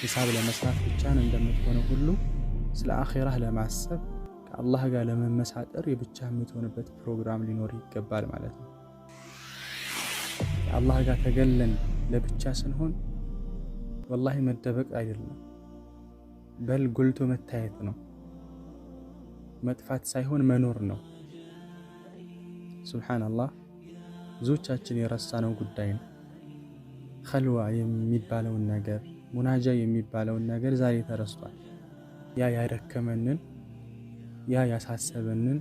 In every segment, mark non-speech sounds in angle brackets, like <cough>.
ሂሳብ ለመስራት ብቻ እንደምትሆነ እንደምትሆነው ሁሉ ስለ አኼራህ ለማሰብ ከአላህ ጋር ለመመሳጠር የብቻ የምትሆንበት ፕሮግራም ሊኖር ይገባል ማለት ነው። ከአላህ ጋር ተገለን ለብቻ ስንሆን ወላሂ መደበቅ አይደለም፣ በል ጎልቶ መታየት ነው። መጥፋት ሳይሆን መኖር ነው። ሱብሓነላህ ብዙዎቻችን የረሳነው ጉዳይ ነው። ኸልዋ የሚባለውን ነገር ሙናጃ የሚባለውን ነገር ዛሬ ተረስቷል። ያ ያደከመንን፣ ያ ያሳሰበንን፣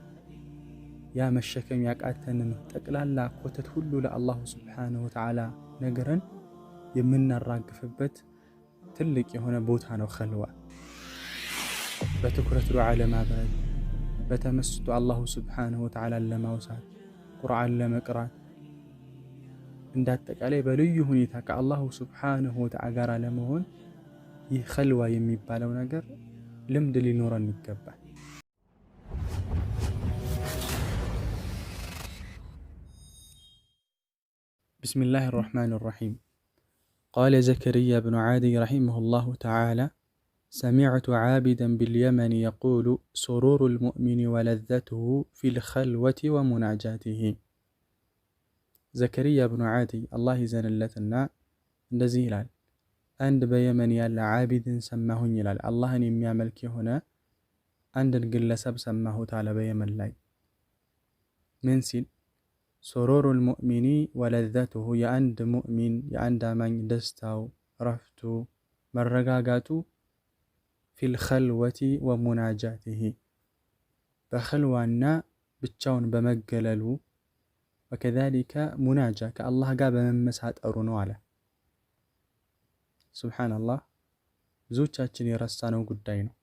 ያ መሸከም ያቃተንን ጠቅላላ ኮተት ሁሉ ለአላሁ ስብሓነሁ ወተዓላ ነገረን የምናራግፍበት ትልቅ የሆነ ቦታ ነው ኸልዋ። በትኩረት ዱዓ ለማበረድ በተመስጦ አላሁ ስብሓነሁ ወተዓላን ለማውሳት ቁርአን ለመቅራት عندك عليه بلي هنيتك الله سبحانه وتعالى لما يخلوا يمي بالو نجر لمد اللي نورا نكبة بسم الله الرحمن الرحيم قال زكريا بن عادي رحمه الله تعالى سمعت عابدا باليمن يقول سرور المؤمن ولذته في الخلوة ومناجاته ዘከርያ ብኑ ዓዲ አላህ ይዘንለትና እንደዚህ ይላል። አንድ በየመን ያለ ዓቢድን ሰማሁኝ ይላል። አላህን የሚያመልክ የሆነ አንድን ግለሰብ ሰማሁት አለ በየመን ላይ ምን ሲል ሶሮሩ ልሙእሚኒ ወለዘቱሁ የአንድ ሙእሚን የአንድ አማኝ ደስታው፣ ረፍቱ፣ መረጋጋቱ ፊልኸልወቲ ወሙናጃትሂ በኸልዋና ብቻውን በመገለሉ ወከዛሊከ ሙናጃ ከአላህ ጋር በመመሳጠሩ ነው አለ። ሱብሓነላህ ብዙዎቻችን የረሳነው ጉዳይ ነው።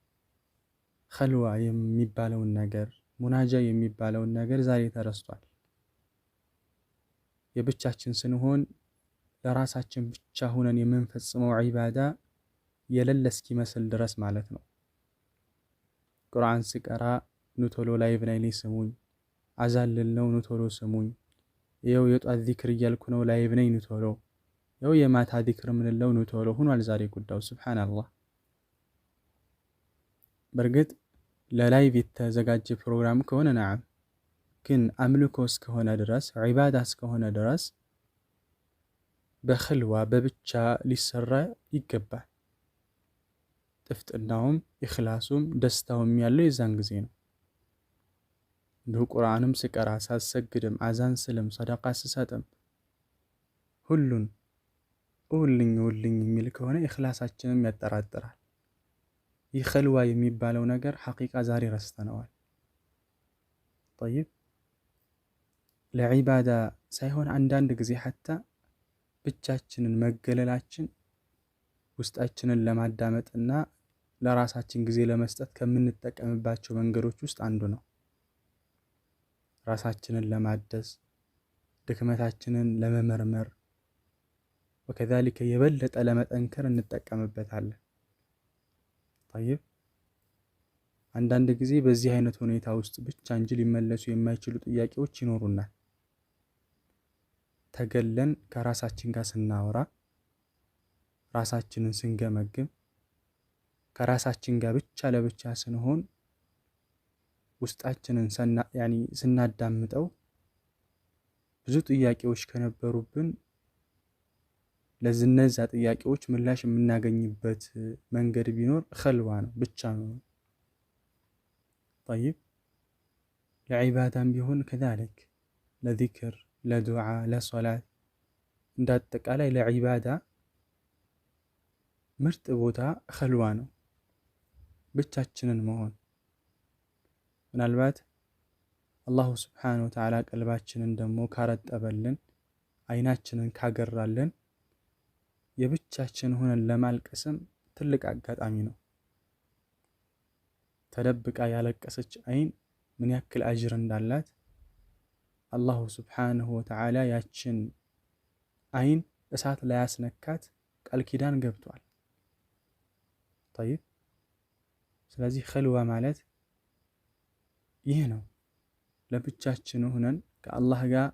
ኸልዋ የሚባለውን ነገር ሙናጃ የሚባለውን ነገር ዛሬ ተረስቷል። የብቻችን ስንሆን ለራሳችን ብቻ ሁነን የምንፈጽመው ዒባዳ የሌለ እስኪመስል ድረስ ማለት ነው። ቁርአን ስቀራ ኑቶሎ ላይቭ ላይ ስሙኝ፣ አዛልል ነው ኑቶሎ ስሙኝ ይኸው የጧት ዚክር እያልኩ ነው ላይብ ነኝ ንቶሎ ይኸው የማታ ዚክር ምንለው ንቶሎ ሁኗል ዛሬ ጉዳዩ ስብሓናላህ። በእርግጥ ለላይቭ የተዘጋጀ ፕሮግራም ከሆነ ነዓም፣ ግን አምልኮ እስከሆነ ድረስ ዒባዳ እስከሆነ ድረስ በኽልዋ በብቻ ሊሰራ ይገባል። ጥፍጥናውም ኢኽላሱም ደስታውም ያለው የዛን ጊዜ ነው። እንዲሁ ቁርአንም ስቀራ ሳሰግድም አዛን ስልም ሰደቃ ስሰጥም ሁሉን እውልኝ እውልኝ የሚል ከሆነ እኽላሳችንም ያጠራጥራል። ይህ ኸልዋ የሚባለው ነገር ሐቂቃ ዛሬ ረስተነዋል። ጠይብ ለዒባዳ ሳይሆን አንዳንድ ጊዜ ሐታ ብቻችንን መገለላችን ውስጣችንን ለማዳመጥና ለራሳችን ጊዜ ለመስጠት ከምንጠቀምባቸው መንገዶች ውስጥ አንዱ ነው። ራሳችንን ለማደስ ድክመታችንን ለመመርመር ወከዛሊከ የበለጠ ለመጠንከር እንጠቀምበታለን። ጠይብ አንዳንድ ጊዜ በዚህ አይነት ሁኔታ ውስጥ ብቻ እንጂ ሊመለሱ የማይችሉ ጥያቄዎች ይኖሩናል። ተገለን ከራሳችን ጋር ስናወራ ራሳችንን ስንገመግም ከራሳችን ጋር ብቻ ለብቻ ስንሆን ውስጣችንን ስናዳምጠው ብዙ ጥያቄዎች ከነበሩብን ለእነዛ ጥያቄዎች ምላሽ የምናገኝበት መንገድ ቢኖር ኸልዋ ነው፣ ብቻ ነው። ጠይብ ለዒባዳም ቢሆን ከዛለክ ለዚክር፣ ለዱዓ፣ ለሶላት እንደ አጠቃላይ ለዒባዳ ምርጥ ቦታ ኸልዋ ነው፣ ብቻችንን መሆን ምናልባት አላሁ ስብሓነ ወተዓላ ቀልባችንን ደግሞ ካረጠበልን፣ አይናችንን ካገራልን የብቻችን ሆነን ለማልቀስም ትልቅ አጋጣሚ ነው። ተደብቃ ያለቀሰች አይን ምን ያክል አጅር እንዳላት አላሁ ስብሓነሁ ወተዓላ ያችን አይን እሳት ላያስነካት ቃል ኪዳን ገብቷል። ጠይብ። ስለዚህ ኸልዋ ማለት ይህ ነው። ለብቻችን ሆነን ከአላህ ጋር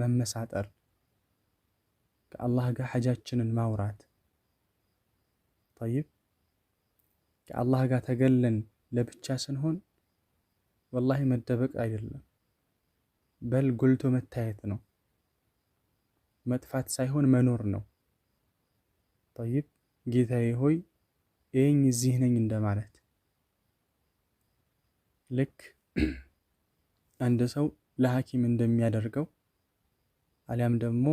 መመሳጠር፣ ከአላህ ጋር ሐጃችንን ማውራት። ጠይብ ከአላህ ጋር ተገለን ለብቻ ስንሆን ወላሂ መደበቅ አይደለም፣ በል ጎልቶ መታየት ነው። መጥፋት ሳይሆን መኖር ነው። ጠይብ ጌታዬ ሆይ እየኝ እዚህ ነኝ እንደማለት ልክ <clears throat> አንድ ሰው ለሐኪም እንደሚያደርገው አሊያም ደግሞ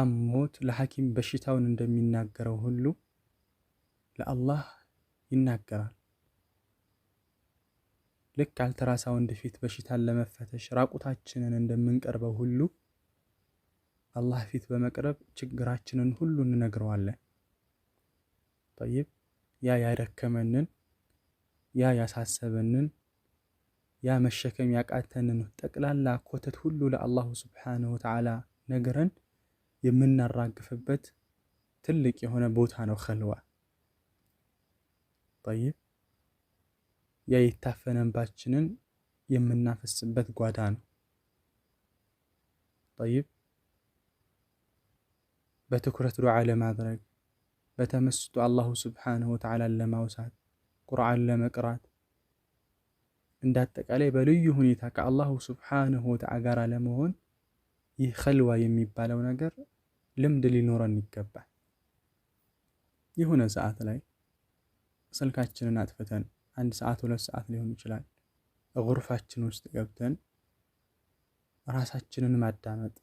አሞት ለሐኪም በሽታውን እንደሚናገረው ሁሉ ለአላህ ይናገራል። ልክ አልትራሳውንድ ፊት በሽታን ለመፈተሽ ራቁታችንን እንደምንቀርበው ሁሉ አላህ ፊት በመቅረብ ችግራችንን ሁሉ እንነግረዋለን። ጠይብ ያ ያደከመንን ያ ያሳሰበንን ያ መሸከም ያቃተንን ጠቅላላ ኮተት ሁሉ ለአላሁ ስብሓንሁ ወተዓላ ነግረን የምናራግፍበት ትልቅ የሆነ ቦታ ነው ኸልዋ። ጠይብ ያ የታፈነንባችንን የምናፈስበት ጓዳ ነው። ጠይብ በትኩረት ዱዓ ለማድረግ በተመስጦ አላሁ ስብሓንሁ ወተዓላን ለማውሳት ቁርአን ለመቅራት እንደ አጠቃላይ በልዩ ሁኔታ ከአላሁ ስብሓንሁ ወተዓላ ጋር ለመሆን ይህ ኸልዋ የሚባለው ነገር ልምድ ሊኖረን ይገባል። የሆነ ሰዓት ላይ ስልካችንን አጥፍተን አንድ ሰዓት ሁለት ሰዓት ሊሆን ይችላል፣ ጉርፋችን ውስጥ ገብተን ራሳችንን ማዳመጥ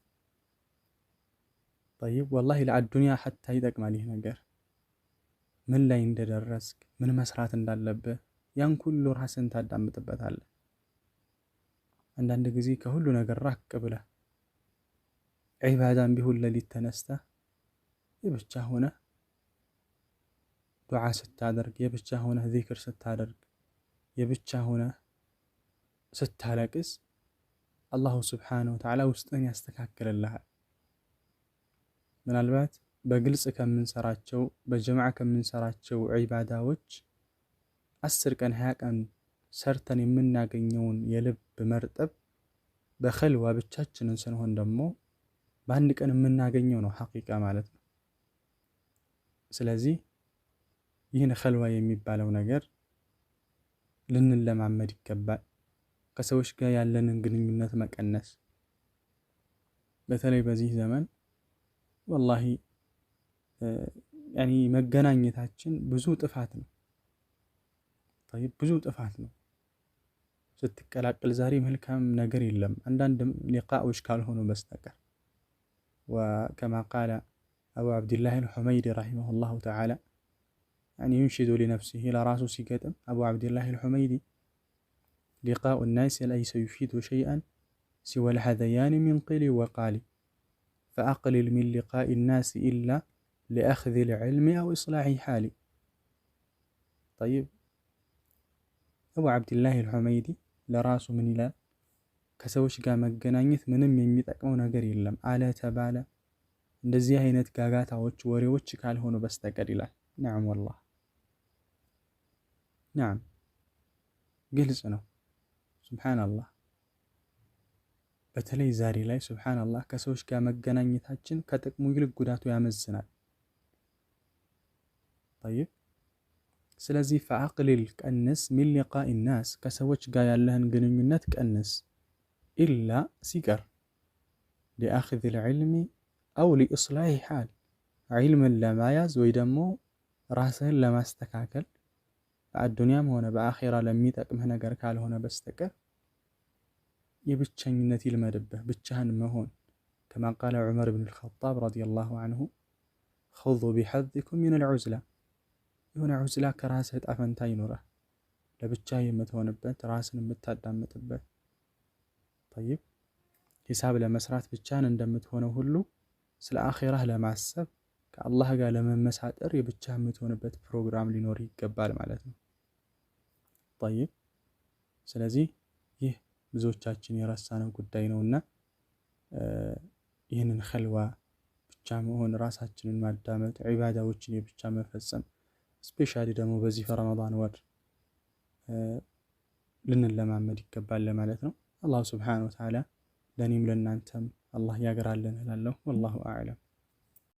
ጠይብ ወላሂ ለአዱንያ ሐታ ይጠቅማል። ይህ ነገር ምን ላይ እንደደረስክ ምን መስራት እንዳለብህ ያን ሁሉ ራስን ታዳምጥበታለህ። አንዳንድ ጊዜ ከሁሉ ነገር ራቅ ብለ ዒባዳም ቢሆን ሌሊት ተነስተህ የብቻ ሆነ ዱዓ ስታደርግ፣ የብቻ ሆነ ዚክር ስታደርግ፣ የብቻ ሆነ ስታለቅስ አላሁ ስብሓነሁ ወተዓላ ውስጥህን ያስተካክልልሃል። ምናልባት በግልጽ ከምንሰራቸው በጀምዓ ከምንሰራቸው ዒባዳዎች አስር ቀን ሀያ ቀን ሰርተን የምናገኘውን የልብ መርጠብ በኸልዋ ብቻችንን ስንሆን ደግሞ በአንድ ቀን የምናገኘው ነው ሐቂቃ ማለት ነው። ስለዚህ ይህን ኸልዋ የሚባለው ነገር ልንለማመድ ይገባል። ከሰዎች ጋር ያለንን ግንኙነት መቀነስ፣ በተለይ በዚህ ዘመን ወላሂ ያኒ መገናኘታችን ብዙ ጥፋት ነው። طيب ብዙ ጥፋት ነው። ስትቀላቀል ዛሬ መልካም ነገር የለም አንዳንድ ሊቃዎች ካልሆኑ በስተቀር وكما قال أبو عبد الله الحميدي رحمه الله تعالى يعني ينشد لنفسه إلى لراسه سكتم أبو عبد الله الحميدي لقاء الناس ليس يفيد شيئا سوى الحذيان من قيل وقال فأقلل من لقاء الناس إلا لأخذ العلم أو إصلاح حالي طيب አቡ አብድላህ አልሑመይዲ ለራሱ ምን ይላል? ከሰዎች ጋር መገናኘት ምንም የሚጠቅመው ነገር የለም አለ ተባለ እንደዚህ አይነት ጋጋታዎች፣ ወሬዎች ካልሆኑ በስተቀር ይላል። ናም ወላሂ ናም፣ ግልጽ ነው። ሱብሓነላህ በተለይ ዛሬ ላይ ሱብሓነላህ ከሰዎች ጋር መገናኘታችን ከጥቅሙ ይልቅ ጉዳቱ ያመዝናል። سلازي فعقلي الكأنس من لقاء الناس كسوش قايا لهن قنونات كأنس إلا سيجر لأخذ العلم أو لإصلاح حال علم لا مايز ويدمو راسه لا ما استكاكل بعد الدنيا مهنا بآخرة لم يتقم هنا قركال هنا بستكر يبتشن نتي لما دبه بتشهن مهون كما قال عمر بن الخطاب رضي الله عنه خذوا بحظكم من العزله የሆነ ዑዝላ ከራስህ እጣ ፈንታ ይኖራል። ለብቻ የምትሆንበት ራስን የምታዳምጥበት ጠይብ ሂሳብ ለመስራት ብቻን እንደምትሆነው ሁሉ ስለ አኼራህ ለማሰብ ከአላህ ጋር ለመመሳጠር የብቻ የምትሆንበት ፕሮግራም ሊኖር ይገባል ማለት ነው። ጠይብ ስለዚህ ይህ ብዙዎቻችን የረሳነው ጉዳይ ነውና ይህንን ኸልዋ ብቻ መሆን፣ ራሳችንን ማዳመጥ፣ ዒባዳዎችን የብቻ መፈጸም ስፔሻሊ ደግሞ በዚህ ረመዳን ወር ልንለማመድ ይገባል ለማለት ነው። አላህ ስብሓነሁ ወተዓላ ለእኔም ለእናንተም አላህ ያግራልን እላለሁ። ወላሁ አዕለም።